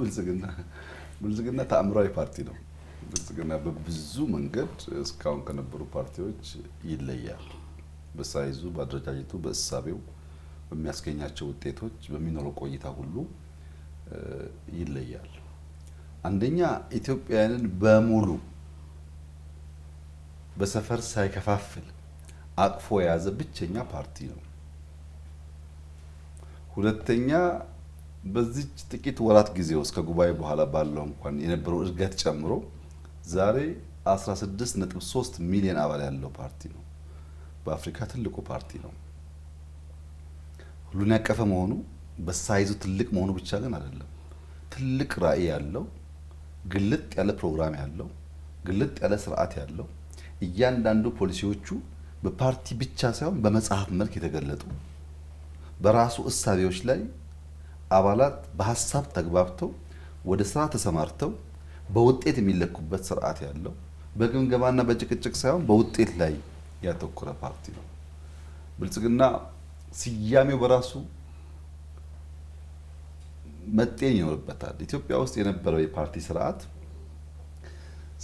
ብልጽግና ብልጽግና ተአምራዊ ፓርቲ ነው። ብልጽግና በብዙ መንገድ እስካሁን ከነበሩ ፓርቲዎች ይለያል። በሳይዙ፣ በአደረጃጀቱ፣ በእሳቤው፣ በሚያስገኛቸው ውጤቶች፣ በሚኖረው ቆይታ ሁሉ ይለያል። አንደኛ ኢትዮጵያውያንን በሙሉ በሰፈር ሳይከፋፍል አቅፎ የያዘ ብቸኛ ፓርቲ ነው። ሁለተኛ በዚች ጥቂት ወራት ጊዜ ውስጥ ከጉባኤ በኋላ ባለው እንኳን የነበረው እድገት ጨምሮ ዛሬ 16.3 ሚሊዮን አባል ያለው ፓርቲ ነው። በአፍሪካ ትልቁ ፓርቲ ነው። ሁሉን ያቀፈ መሆኑ በሳይዙ ትልቅ መሆኑ ብቻ ግን አይደለም። ትልቅ ራዕይ ያለው ግልጥ ያለ ፕሮግራም ያለው ግልጥ ያለ ስርዓት ያለው እያንዳንዱ ፖሊሲዎቹ በፓርቲ ብቻ ሳይሆን በመጽሐፍ መልክ የተገለጡ በራሱ እሳቤዎች ላይ አባላት በሀሳብ ተግባብተው ወደ ስራ ተሰማርተው በውጤት የሚለኩበት ስርዓት ያለው በግምገማና በጭቅጭቅ ሳይሆን በውጤት ላይ ያተኮረ ፓርቲ ነው። ብልጽግና ስያሜው በራሱ መጤን ይኖርበታል። ኢትዮጵያ ውስጥ የነበረው የፓርቲ ስርዓት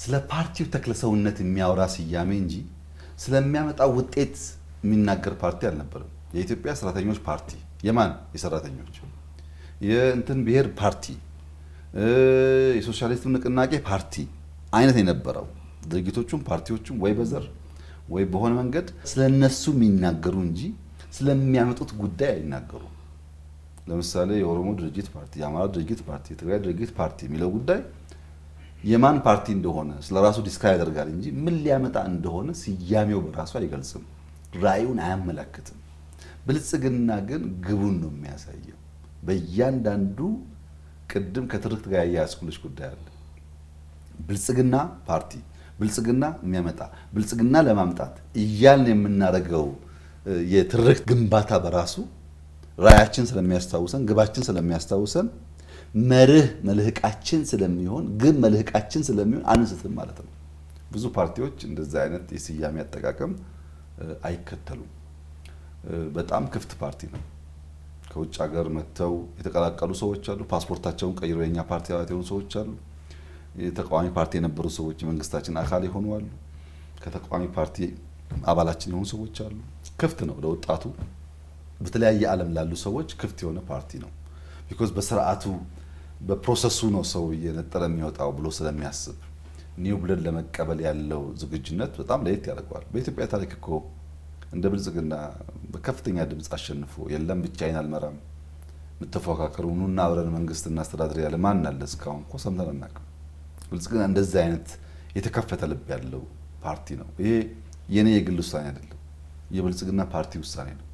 ስለ ፓርቲው ተክለሰውነት የሚያወራ ስያሜ እንጂ ስለሚያመጣ ውጤት የሚናገር ፓርቲ አልነበርም። የኢትዮጵያ ሰራተኞች ፓርቲ የማን የሰራተኞች የእንትን ብሔር ፓርቲ የሶሻሊስት ንቅናቄ ፓርቲ አይነት የነበረው ድርጊቶቹም ፓርቲዎቹም ወይ በዘር ወይ በሆነ መንገድ ስለነሱ የሚናገሩ እንጂ ስለሚያመጡት ጉዳይ አይናገሩ። ለምሳሌ የኦሮሞ ድርጅት ፓርቲ፣ የአማራ ድርጅት ፓርቲ፣ የትግራይ ድርጅት ፓርቲ የሚለው ጉዳይ የማን ፓርቲ እንደሆነ ስለ ራሱ ያደርጋል እንጂ ምን ሊያመጣ እንደሆነ ስያሜው በራሱ አይገልጽም፣ ራዕዩን አያመላክትም። ብልጽግና ግን ግቡን ነው የሚያሳየው። በእያንዳንዱ ቅድም ከትርክት ጋር ያያዝኩልሽ ጉዳይ አለ። ብልጽግና ፓርቲ ብልጽግና የሚያመጣ ብልጽግና ለማምጣት እያልን የምናደርገው የትርክት ግንባታ በራሱ ራዕያችን ስለሚያስታውሰን ግባችን ስለሚያስታውሰን መርህ መልህቃችን ስለሚሆን ግብ መልህቃችን ስለሚሆን አንስትም ማለት ነው። ብዙ ፓርቲዎች እንደዚህ አይነት የስያሜ አጠቃቀም አይከተሉም። በጣም ክፍት ፓርቲ ነው። ከውጭ ሀገር መጥተው የተቀላቀሉ ሰዎች አሉ። ፓስፖርታቸውን ቀይረው የእኛ ፓርቲ አባላት የሆኑ ሰዎች አሉ። የተቃዋሚ ፓርቲ የነበሩ ሰዎች የመንግስታችን አካል የሆኑ አሉ። ከተቃዋሚ ፓርቲ አባላችን የሆኑ ሰዎች አሉ። ክፍት ነው ለወጣቱ በተለያየ ዓለም ላሉ ሰዎች ክፍት የሆነ ፓርቲ ነው። ቢኮዝ በስርዓቱ በፕሮሰሱ ነው ሰው እየነጠረ የሚወጣው ብሎ ስለሚያስብ ኒው ብለድ ለመቀበል ያለው ዝግጁነት በጣም ለየት ያደርገዋል። በኢትዮጵያ ታሪክ እኮ እንደ ብልጽግና በከፍተኛ ድምፅ አሸንፎ የለም ብቻዬን አልመራም የምትፎካከሩ ኑና አብረን መንግስት እናስተዳድር ያለ ማን አለ? እስካሁን እኮ ሰምተን አናውቅም። ብልጽግና እንደዚህ አይነት የተከፈተ ልብ ያለው ፓርቲ ነው። ይሄ የኔ የግል ውሳኔ አይደለም፣ የብልጽግና ፓርቲ ውሳኔ ነው።